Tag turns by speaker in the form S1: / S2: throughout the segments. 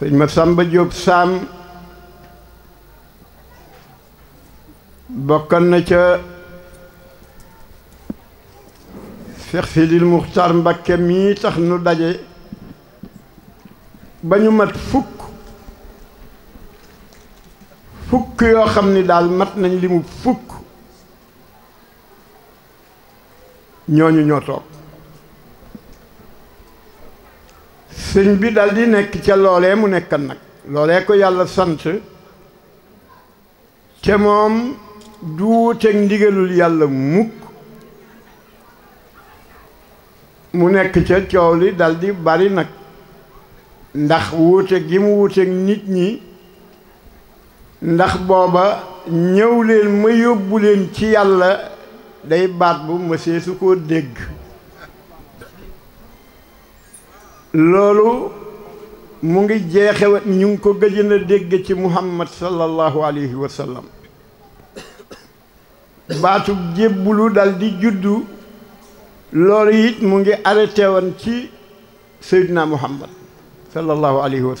S1: sëñ ma sàmba jóob saam bokkan na ca Seex Sidil Muxtaar Mbakke mii tax nu daje ba ñu mat fukk fukk yoo xam ni daal mat nañ li mu fukk ñooñu ñoo toog sëñ bi daldi nekk ca loolee mu nekkan nag loolee ko yàlla sant te moom du wuuteeg ndigalul yàlla mukk mu nekk ca coow li daldi bari nag ndax wuute gi mu wuuteeg nit ñi ndax booba ñëwleen ma yóbbu leen ci yàlla day baat bu mësee su koo dégg loolu mu ngi jeexew ñu ngi ko gëjën dégg ci muhammad sallallahu alayhi wa sallam baatub jébbulu dal di juddu loolu it mu ngi arrêté wan ci seydina muhammad sallallahu alayhi wa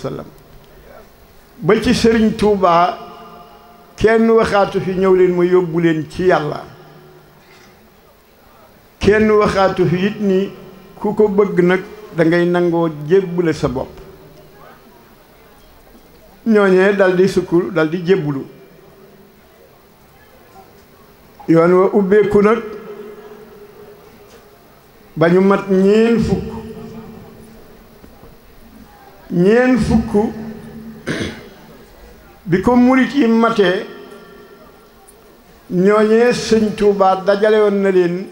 S1: ba ci sëriñ tuubaa kenn waxaatu fi ñëw leen ma yóbbu leen ci yàlla kenn waxaatu fi it ni ku ko bëgg nag da ngay nangoo jébbule sa bopp ñooñee dal di sukkur dal jébbulu yoon wa ubbeeku nag ba ñu mat ñeen fukk ñeen fukk bi ko murit yi matee ñooñee sëñ Tuubaa dajale na leen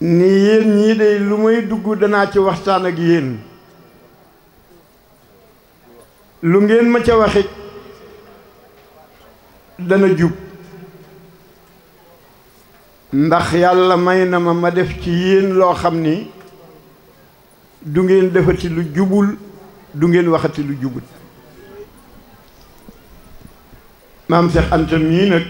S1: nii yéen ñii de lu may dugg danaa ci waxtaan ak yéen lu ngeen ma ca waxit dana jub ndax yàlla may na ma ma def ci yéen loo xam ni du ngeen defati lu jubul du ngeen waxati lu jubul maam Seex Anta mii nag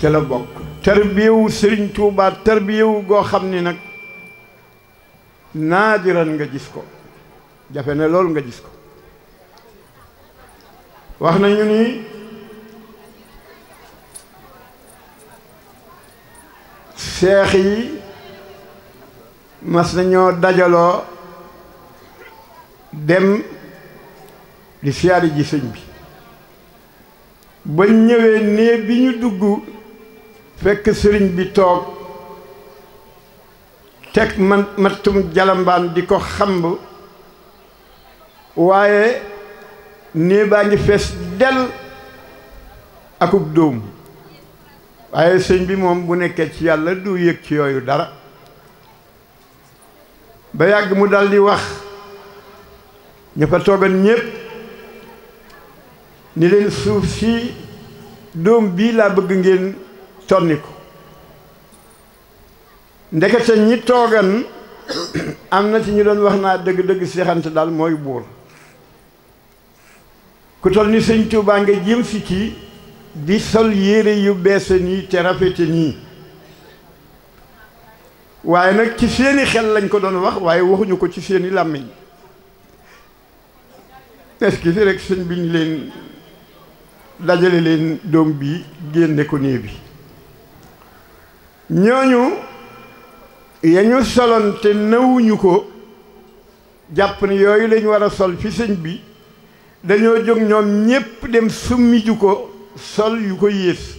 S1: ca la bokk tarbiyewu sëriñ Tuuba tarbiyewu goo xam ni nag naadiran nga gis ko jafe ne loolu nga gis ko wax nañu ni seex yi mas nañoo dajaloo dem di siyaari ji sëñ bi ba ñëwee nee bi ñu dugg fekk sëriñ bi toog teg man mattum jalambaan di ko xamb waaye nee baa ngi fees del akub dóom waaye sëñ bi moom bu nekkee ci yàlla du yëg ci yooyu dara ba yàgg mu daldi wax ña fa toogan ñépp ni leen suuf si dóom bii laa bëgg ngeen tonni ko ndekete ñi toogan am na ci ñu doon wax naa dëgg-dëgg seexante daal mooy buur ku toll ni sëñ Tuubaa nga jëm si ci di sol yére yu beese nii te rafete nii waaye nag ci seeni xel lañ ko doon wax waaye waxuñu ko ci seeni làmmiñ est-ce que si bi ñu leen dajale leen doom bi génne ko néeg bi ñooñu yañu soloon te nawuñu ko jàpp yooyu lañ war a sol fi sëñ bi dañoo jóg ñoom ñépp dem summi ko sol yu ko yées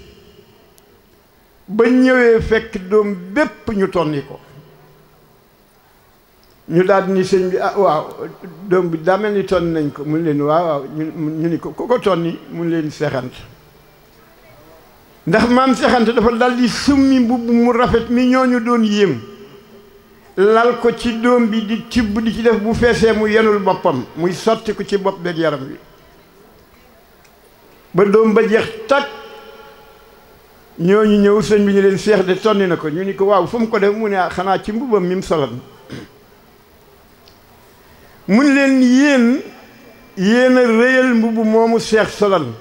S1: ba ñëwee fekk doom bépp ñu tonni ko ñu daal ni sëñ bi a ah, waaw doom bi daa ni tonni nañ ko mun leen waaw waaw ñu ni ko ku ko tonni mun leen seexant ndax maam seexante Anta dafa daldi summi mbubb mu rafet mi ñooñu doon yéem lal ko ci doom bi di tibb di ci def bu feesee mu yenul boppam muy sotti ko ci bopp beeg yaram wi ba doom ba jeex tag ñooñu ñëw sëñ bi ñu leen seex de tonni na ko ñu ni ko waaw fu mu ko def mu ne ah, xanaa ci mbubbam mi mu solon mun leen yéen yéen a réyal mbubb moomu seex solon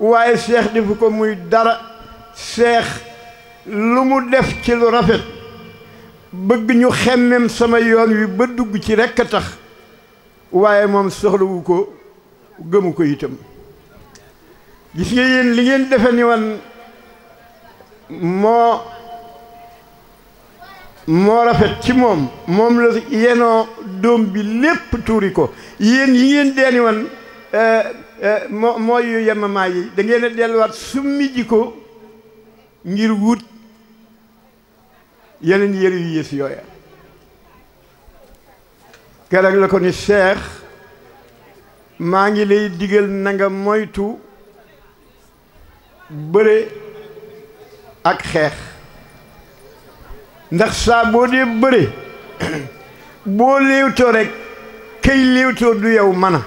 S1: waaye seex defu ko muy dara seex lu mu def ci lu rafet bëgg ñu xemmem sama yoon wi ba dugg ci rekk a tax waaye moom soxlawu ko gëmu ko itam gis nga yéen li ngeen defe ni wan moo moo rafet ci moom moom la yenoo doom bi lépp tuuri ko yéen yi ngeen deeni wan eh, eh, moo mooy yu yemamaay yi da ngeen a delluwaat summi ji ko ngir wut yeneen yëre yu yées keroog la ko ni seex maa ngi lay digal na nga moytu bëre ak xeex ndax saa boo dee bëre boo léewtoo rekk kay léewtoo du yow mana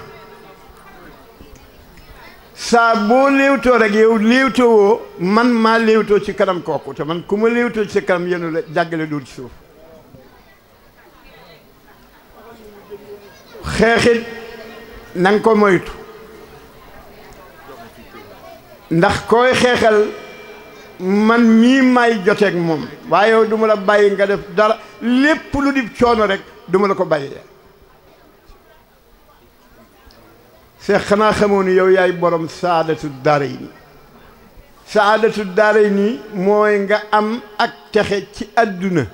S1: saa boo léewtoo rek yow léewtoo woo man maa léewtoo ci kanam kooku te man ku ma léewtoo ci kanam yenu la jàggale dul ci suuf xeexit na ko moytu ndax koy xeexal man mii may joteek moom waaye yow du ma la bàyyi nga def dara lépp lu dib coono rek du ma la ko bàyyi seex xanaa xamoo ni yow yaay borom saadatu daara yi saadatu daara yi mooy nga am ak texe ci àdduna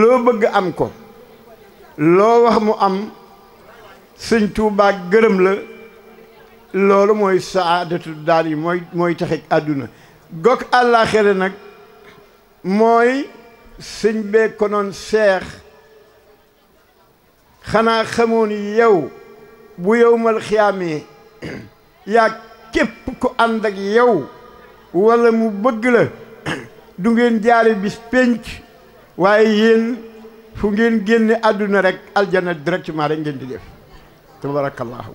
S1: loo bëgg am ko loo wax mu am sëñ Tuubaa gërëm la loolu mooy saadatu daar yi mooy mooy taxit àdduna gokk àllaaxira nag mooy sëñ bee konoon seex xanaa xamoon yow bu yowmal xiyaamee yaa képp ko ànd ak yow walla mu bëgg la du ngeen jaare bis pénc waaye yéen fu ngeen génne àdduna rek aljana directement rek ngeen di def tabarakallahu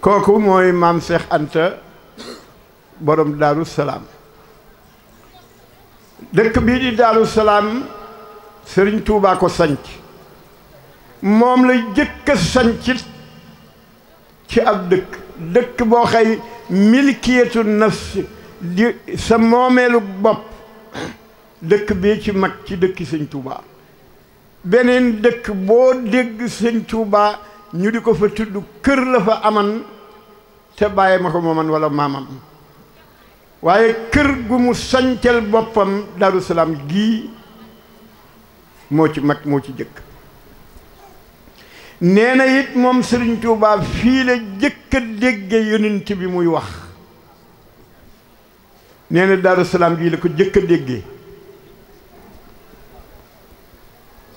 S1: kooku mooy maam Cheikh Anta borom daaru dëkk bii di daaru salaam sëriñ Tuubaa ko sanc moom la jëkk a sancit ci ab dëkk dëkk boo xëy milkiyatu nafsi di sa moomeelu bopp dëkk bi ci mag ci dëkki sëñ Touba beneen dëkk boo dégg sëñ Touba ñu di ko fa tudd kër la fa aman te bàyyi ma ko mooman wala maamam waaye kër gu mu sañcal boppam Daaru Salaam gii moo ci mag moo ci jëkk neena na it moom Serigne Touba fii jëkk a dégge yonent bi muy wax nee na Daaru Salaam gii la ko jëkk a dégge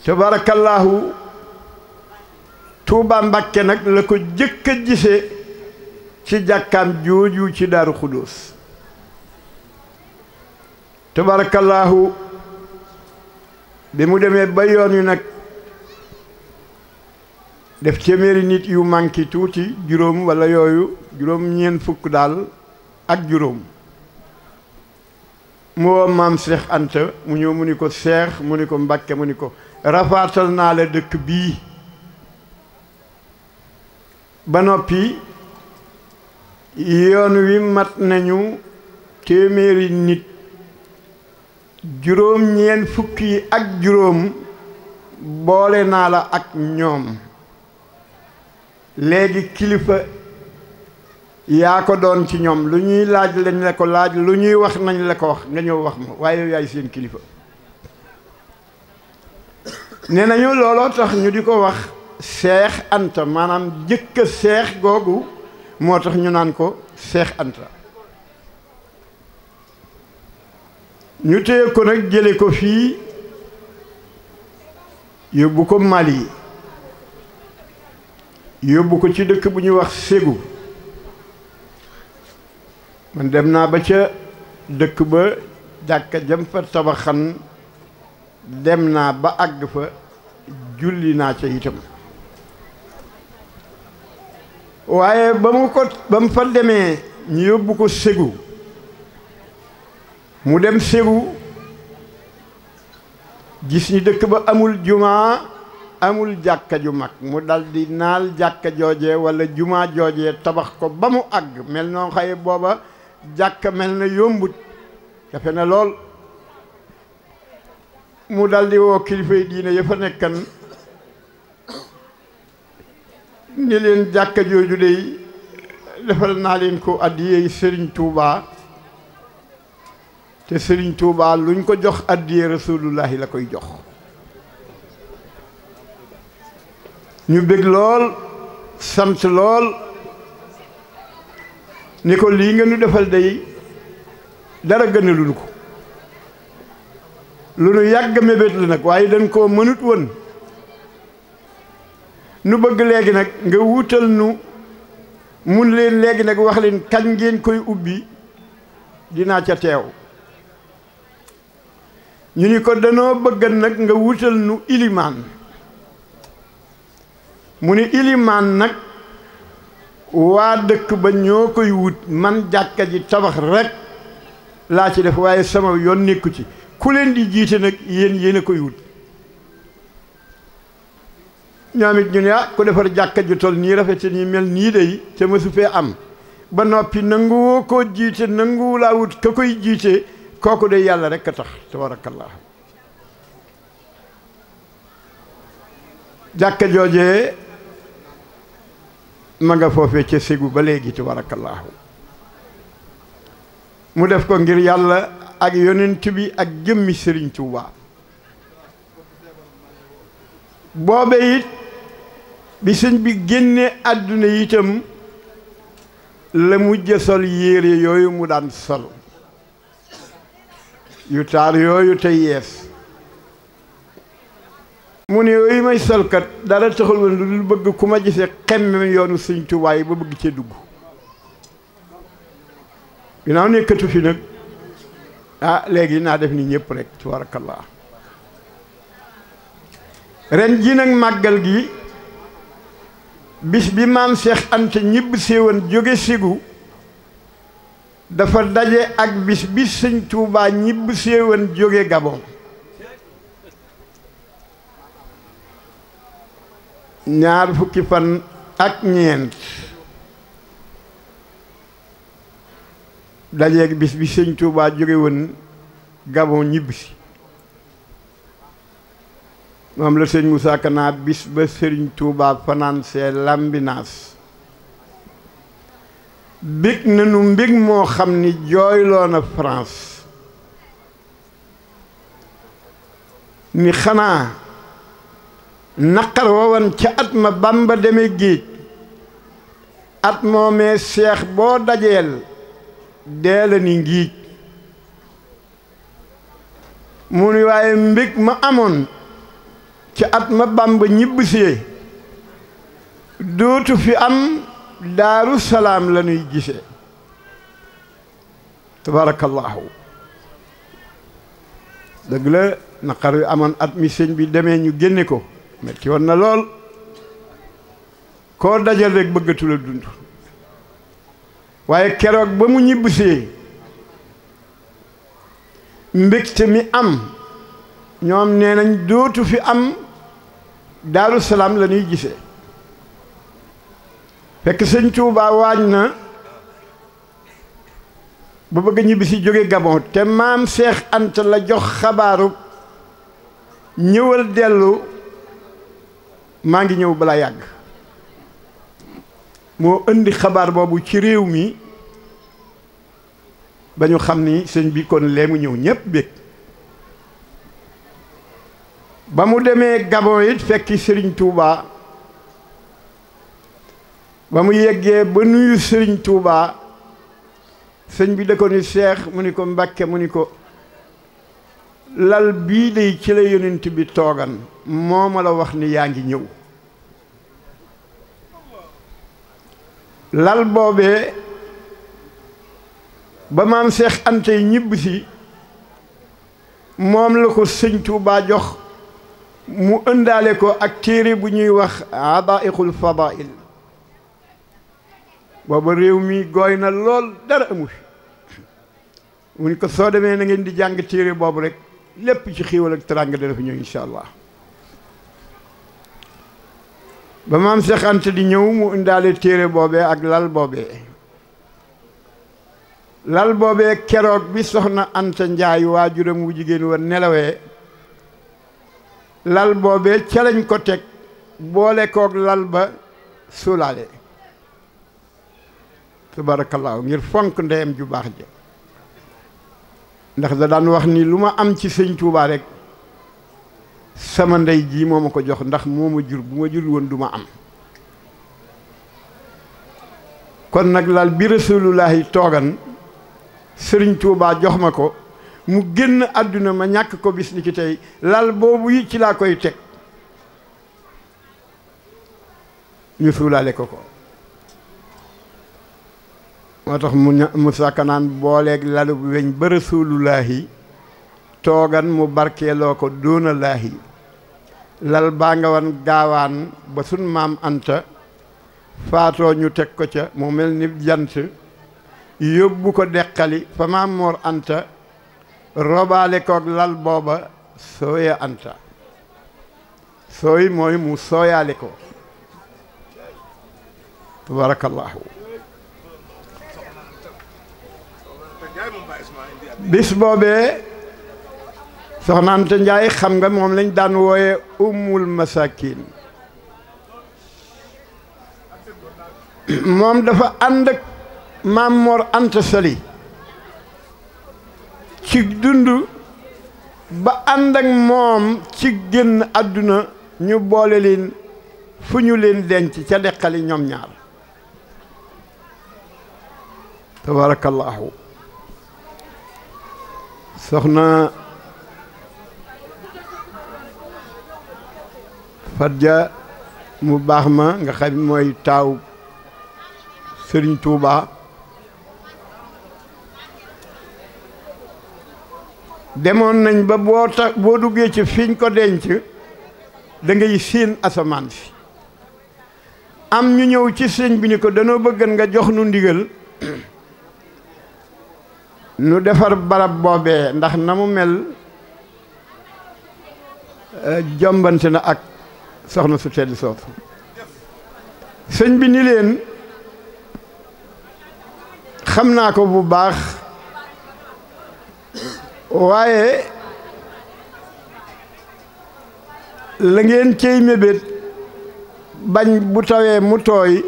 S1: tabaarakallaahu Touba Mbàkke nag la ko jëkk a gise ci jàkkaam jooju ci Daaru Xudóos tabaarakallaahu bi mu demee ba yoon wi nag def téeméeri nit yu manqué tuuti juróom walla yooyu juróom ñeent fukk daal ak juróom mu woo maam Cheikh Anta mu ñëw mu ni ko Cheikh mu ni ko Mbàkke mu ni ko rafaatal naa la dëkk bii ba noppi yoon wi mat nañu téeméeri nit juróom ñeent fukk yi ak juróom boole naa la ak ñoom léegi kilifa yaa ko doon ci ñoom lu ñuy laaj lañ la ko laaj lu ñuy wax nañ la ko wax nga ñëw wax ma waaye yaay seen kilifa nee nañu looloo tax ñu di ko wax seex anta maanaam jëkk seex googu moo tax ñu naan ko seex anta ñu téye ko nag jële ko fii yóbbu ko Mali yóbbu ko ci dëkk bu ñuy wax Ségou man dem naa ba ca dëkk ba jàkka jëm fa tabaxan dem naa ba agg fa julli naa ca itam waaye ba mu ko ba mu fa demee ñu yóbbu ko Ségou mu dem Ségou gis ni dëkk ba amul jumaa amul jàkka ju mag mu daldi naal jàkka joojee walla jumaa joojee tabax ko ba mu àgg mel noo xaye booba jàkka mel na yombut jafe na lool mu daldi woo kilifay diine ya fa nekkan ni leen jàkka jooju dey defal naa leen ko addiyey sëriñ Touba te sëriñ Touba luñ ko jox addiyee rasulullahi la koy jox ñu bég lool sant lool ni ko lii nga nu defal day dara gënalulu ko lu nu yàgg mébét la nag waaye dañ ko mënut woon nu bëgg léegi nag nga wutal nu mun leen léegi nag wax leen kañ ngeen koy ubbi dinaa ca teew ñu ni ko danoo bëggan nag nga wuutal nu ilimaan mu ni ilimaan nag waa dëkk ba ñoo koy wut man jàkka ji tabax rekk laa ci def waaye sama yoon nekku ci ku leen di jiite nag yéen yéen a koy wut ñoom it ñu ne ah ku defar jàkka ju tol nii rafete nii mel nii day te mësu fee am ba noppi nanguwoo koo jiite nanguwu laa wut ka koy jiite kooku de yàlla rekk a tax tabarakallah jàkka joojee ma nga foofee ca ba léegi tabaarakallaahu mu def ko ngir yàlla ak yonent bi ak jëmmi sëriñ Tuuba boobe it bi sëñ bi génnee àdduna itam la mujj sol yére yooyu mu daan sol yu taar yooyu te yees mu ne yooyu may solkat dara taxul woon lu dul bëgg ku ma gisee xemmem yoonu sëñ Tuubaa yi ba bëgg cee dugg ginnaaw nekkatu fi nag ah léegi naa def ni ñëpp rek tabaarakallaa ren ji nag màggal gi bis bi maam Cheikh Anta ñibb séewoon jóge sigu dafa daje ak bis bi sëñ Tuubaa ñibb séewoon jóge Gabon ñaar fukki fan ak ñeent dajeeg bis bi sëñ Tuubaa jóge woon Gabon ñibbisi moom la sëñ Moussa Kana bis ba sëriñ Tuubaa fanaanse lambinaas bég nanu mbég moo xam ni jooyloo na France ni xanaa naqar wowan ca at ma bamba deme géej at moomee seex boo dajeel deela ni ngiij mu waaye mbég ma amoon ca at ma bamba ñibbisee dootu fi am daaru salaam la ñuy gisee tabaarakallaahu dëgg la naqar wi amoon at mi sëñ bi demee ñu génne ko metti woon na lool koo dajal rek bëggatula dund waaye keroog ba mu ñibbisee mbégte mi am ñoom nee nañ dootu fi am daaru salaam la ñuy gisee fekk sëñ Tuubaa waaj na ba bëgg ñibbisi jóge Gabon te maam Seex ant la jox xabaaru ñëwal dellu maa ngi ñëw balaa yàgg moo indi xabaar boobu ci réew mi ba ñu xam ni sëñ bi kon lee mu ñëw ñépp bég ba mu demee Gabon it fekki sëriñ Touba ba mu yeggee ba nuyu sëriñ Touba sëñ bi da ko ni seex mu ni ko Mbàkke mu ni ko lal bii day ci la yonent bi toogan moo ma la wax ni yaa ngi ñëw lal boobee ba maam Seex Anta ñibb si moom la ko sëñ Tuubaa jox mu ëndaale ko ak téere bu ñuy wax adaiqul fadail booba réew mi gooy na lool dara amu mu ni ko soo demee na ngeen di jàng téere boobu rek lépp ci xiiwal ak teraanga dara fi ñëw incha ba maam Cheikh Anta di ñëw mu indaale téere boobee ak lal boobee lal boobee keroog bi soxna Anta Njaay waajuram wu jigéen wa nelawee lal boobee ca lañ ko teg boole koog lal ba suulaale tabaarakallaahu ngir fonk ndeyam ju baax ja ndax da daan wax nii lu ma am ci sëñ Tuubaa rek sama ndey jii moo ma ko jox ndax moo ma jur bu ma jur woon du ma am kon nag lal bi rasulullahi toogan sëriñ Tuubaa jox ma ko mu génn àdduna ma ñàkk ko bis ni ci tey lal boobu yi ci laa koy teg ñu suulaale ko ko moo tax mu mu sakkanaan booleeg lalu weñ ba rasulullahi toogan mu barkeeloo ko doona laahi lal baa nga wan gaawaan ba sun maam anta faatoo ñu teg ko ca mu mel ni jant yóbbu ko deqali fa maam moor anta robaale koog lal booba sooya anta sooy mooy mu sooyaale ko tabarakallahu bis boobee soxna Anta njaay xam nga moom lañu daan wooye ummul masakin moom dafa ànd ak maam Anta Sali ci dund ba ànd ak moom ci génn àdduna ñu boole leen fu ñu leen denc ca deqali ñoom ñaar tabarakallahu ja mu baax ma nga xam mooy taaw Serigne tuubaa demoon nañ ba boo ta boo duggee ci fiñ ko denc dangay siin séen asamaan si am ñu ñëw ci sëñ bi ni ko danoo bëggan nga jox nu ndigal nu defar barab boobee ndax na mu mel eh, jombante na ak soxna su tedd soosu sëñ bi ni leen xam naa ko bu baax waaye la ngeen cey mébét bañ bu tawee mu tooy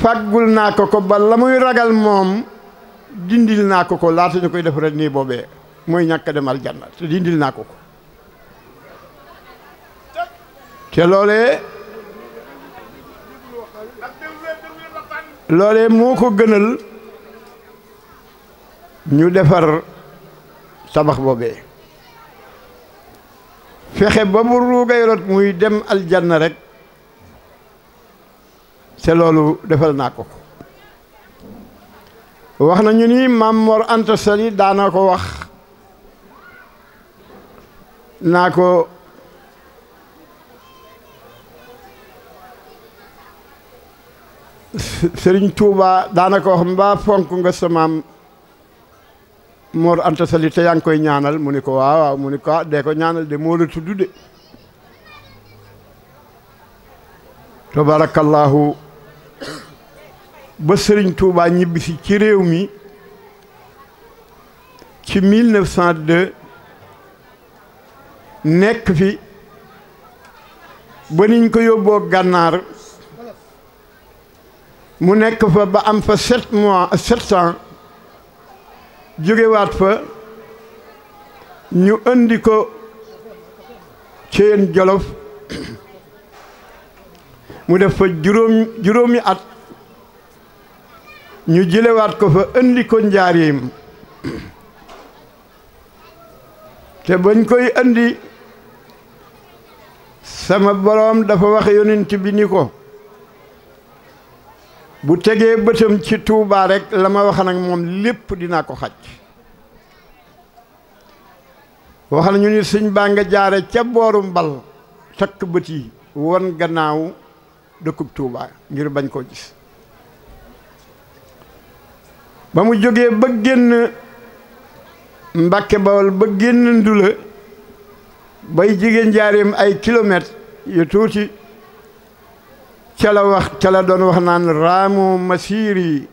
S1: fàggul naa ko ko ba la muy ragal moom dindil naa ko ko laata ñu koy def rek nii boobee mooy ñàkk demal janna te dindil naa ko ko te loolee loolee moo ko gënal ñu defar tabax boobe fexe ba mu ruugay rot muy dem aljanna rek te loolu defal naa ko ko wax nañu ni maam Mor Anta Sali daana ko wax naa ko sëriñ Touba daanaka wax mbaa fonk nga sa maam Mor Anta Sali yaa ngi koy ñaanal mu ni ko waaw waaw mu ni ko ah, dee ko ñaanal de moo la tudd de tabarakallahu ba sëriñ Touba ñibbisi ci réew mi ci 1902 nekk fi ba ko yóbboo gànnaar mu nekk fa ba am fa sept mois sept ans jógewaat fa ñu indi ko Ceen Jolof mu def fa juróom juróomi at ñu jilewaat ko fa indi ko Njaaréem te bañ koy indi sama boroom dafa wax yonent bi ni ko bu tegee bëtam ci Touba rek la ma wax nag moom lépp dinaa ko xaj wax nañu ni sëñ baa nga jaare ca booru mbal takk bët won gannaaw dëkkub tuubaa ngir bañ koo gis ba mu jógee ba génn Mbàkke Bawol ba génn Ndula bay jigéen jaareem ay kilomètre yu tuuti cala wax ca doon wax naan raamu masiiri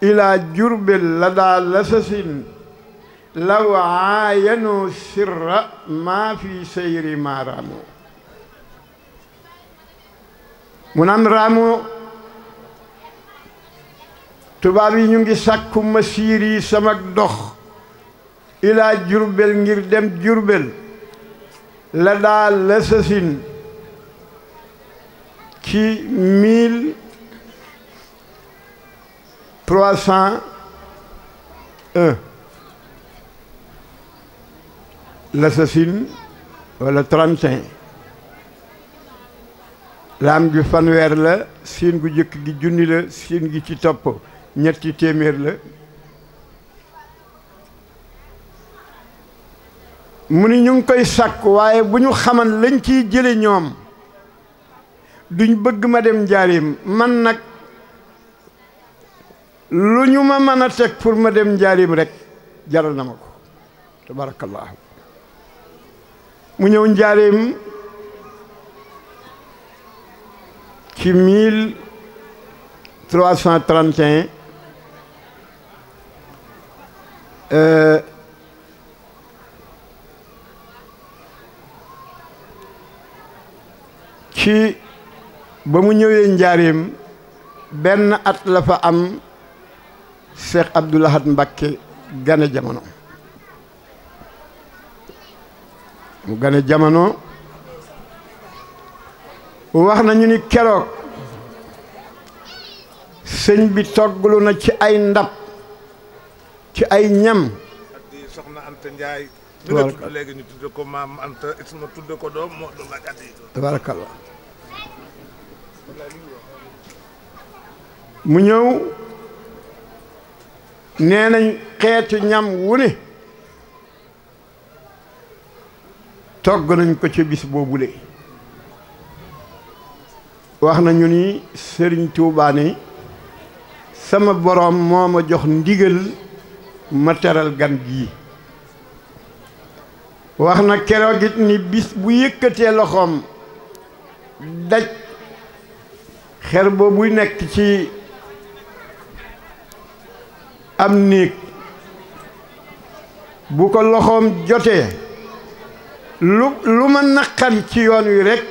S1: ila jurbel la daa lasasin law aayanu sirra maa fi seyri maa raamu mu naan raamu tubaab yi ñu ngi sàkku masiir yi sama dox ila jurbel ngir dem jurbel la daa lasasin ci mille trois cent un wala trente et un laam ju fanweer la siin gu jëkk gi junni la siin gi ci topp ñetti téeméer la mu ni ñu ngi koy sàkk waaye bu ñu xaman lañ ciy jële ñoom duñ bëgg ma dem njaareem man nag lu ñu ma mën a teg pour ma dem njaareem rek jaral na ma ko tabarakallahu mu ñëw njaareem ci mille trois cent trente euh, ci ba mu ñëwee njaareem benn at la fa am Cheikh Abdoul Ahad Mbacké gane jamono mu gane jamono wax nañu ni keroog sëñ bi togglu na ci ay ndab ci ay ñam soxna Anta Njaay léegi ñu tudde ko maam Anta tudde ko doom mu ñëw nee nañ xeetu ñam wu ne togg nañ ko ca bis boobule wax nañu ni sëriñ Tuubaa ne sama boroom moo ma jox ndigal ma teral gan gii wax na keroog ni bis bu yëkkatee loxoom daj xer boobu nekk ci am néeg bu ko loxoom jotee lu lu ma naqari ci yoon wi rekk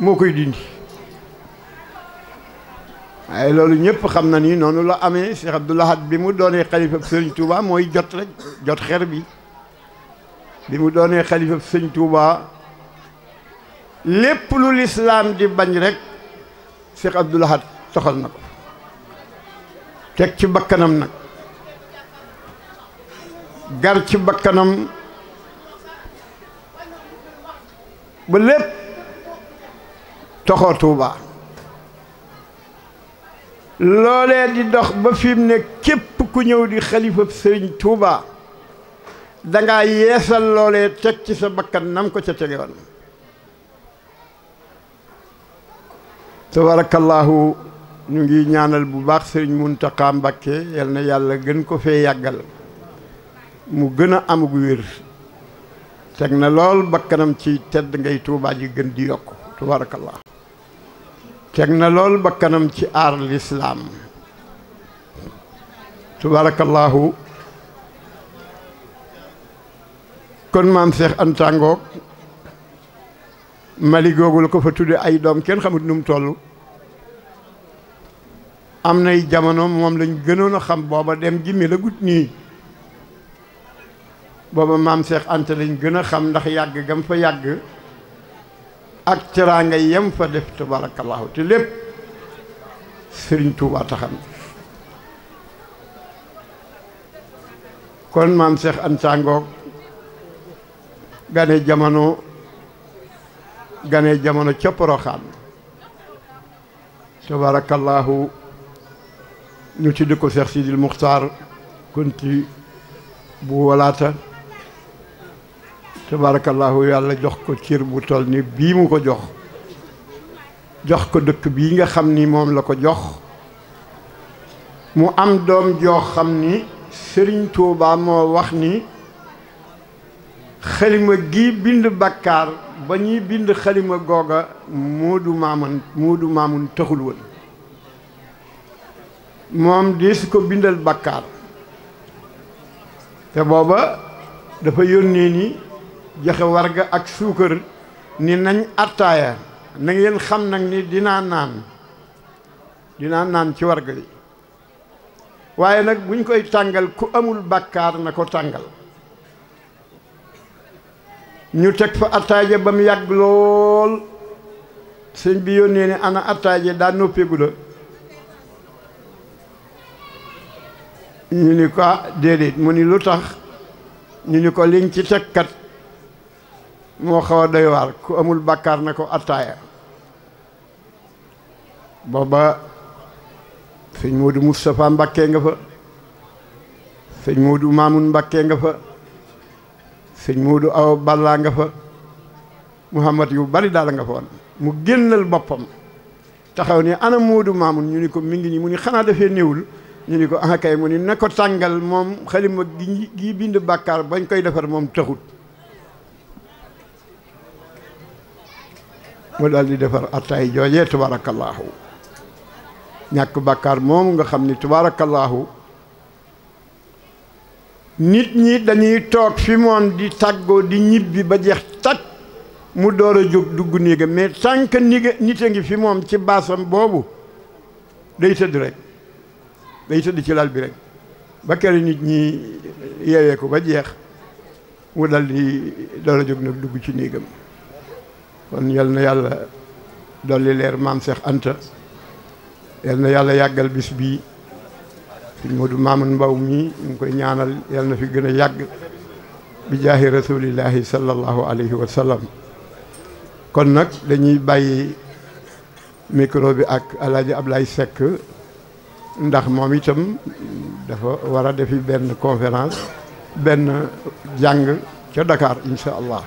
S1: moo koy dindi waaye loolu ñëpp xam na ni noonu la amee Cheikh Abdou Lahad bi mu doonee xalifa sëñ Touba mooy jot rekk jot xer bi bi mu doonee xalifa sëñ Touba lépp lu lislaam di bañ rek Cheikh Abdoul Ahad soxal na ko teg ci bakkanam nag gar ci bakkanam ba lépp toxoo Tuuba loolee di dox ba fi mu ne képp ku ñëw di xalifa sëriñ Tuuba danga yeesal loolee teg ci sa bakkan nam ko ca tegewoon tabarakallahu ñu ngi ñaanal bu baax sëriñ Muntaqa Mbàkke yal na yàlla gën ko fee yàggal mu gën a amug wér teg na lool bakkanam ci tedd ngay tuubaa ji gën di yokk tabarakallahu teg na lool bakkanam ci aar lislaam tabarakallahu kon maam Seex Anta ngoog mali googu la ko fa tudde ay doom kenn xamut nu mu toll am nay jamono moom lañ gënoon a xam booba dem ji mi la gut nii booba maam seex Anta lañ gën a xam ndax yàgg gam fa yàgg ak teraanga yem fa def tabarakallahu te lépp sëriñ Tuubaa taxam kon maam Cheikh Anta ngoog gane jamono ganee jamono ca Poroxaan tabaarakallaahu ñu tudde ko Cheikh Sidil Muxtaar kunti bu walaata tabaarakallaahu yàlla jox ko cir bu toll ni bii mu ko jox jox ko dëkk bii nga xam ni moom la ko jox mu am doom joo xam ni Sëriñ Tuubaa moo wax ni xalima gi bind bàkkaar ba ñuy bind xalima googa moodu maamun moodu maamun moom di su ko bindal bàkkaar te booba dafa yónnee ni joxe warga ak suukar ni nañ attaaya na yen xam nag ni dinaa naan dinaa naan ci warga yi waaye nag buñ koy tàngal ku amul bàkkaar na ko tàngal ñu teg fa attaaje ba mu yàgg lool sëñ bi yónnee ne ana attaaje daa noppeegu la ñu ni ko ah, déedéet mu ni lu tax ñu ni ko liñ ci tegkat moo xaw a doy waar ku amul bàkkaar na ko attaaya booba sëñ Moodu Moustapha Mbakke nga fa sëñ Moodu Maamun Mbakke nga fa sëñ Moodu aw ballaa nga fa Muhammad yu bari daal nga fa woon mu génnal boppam taxaw ne ana Moodu Maamun ñu ni ko mi ngi nii mu ni xanaa defee néewul ñu ni ko ah mu ni na ko tàngal moom xalima gi gi bind bàkkaar bañ koy defar moom taxut mu daal di defar attaay joojee tubaarakallaahu ñàkk bàkkaar moomu nga xam ni tubaarakallaahu nit ñi dañuy toog fi moom di tàggoo di ñibbi ba jeex tàkk mu door a jóg dugg néega mais tànk niga nit a fi moom ci baasam boobu day tëdd rek day tëdd ci lal bi rek ba kere nit ñi yeewee ko ba jeex mu dal di door a jóg nag dugg ci néegam kon yal na yàlla dolli leer maam Cheikh Anta yal na yàlla yàggal bis bii sëñ Modou Mamoun Mbaw mii ñu koy ñaanal yal na fi gën a yàgg bi jaahi rasulillahi sallallahu alayhi wa kon nag dañuy bàyyi micro bi ak alaaji Ablaye Seck ndax moom itam dafa war a defi benn conférence benn jàng ca dakaar incha